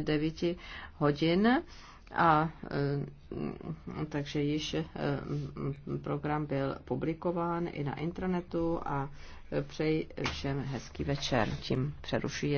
9 hodin. A e, takže již e, program byl publikován i na internetu a přeji všem hezký večer. Tím přerušuji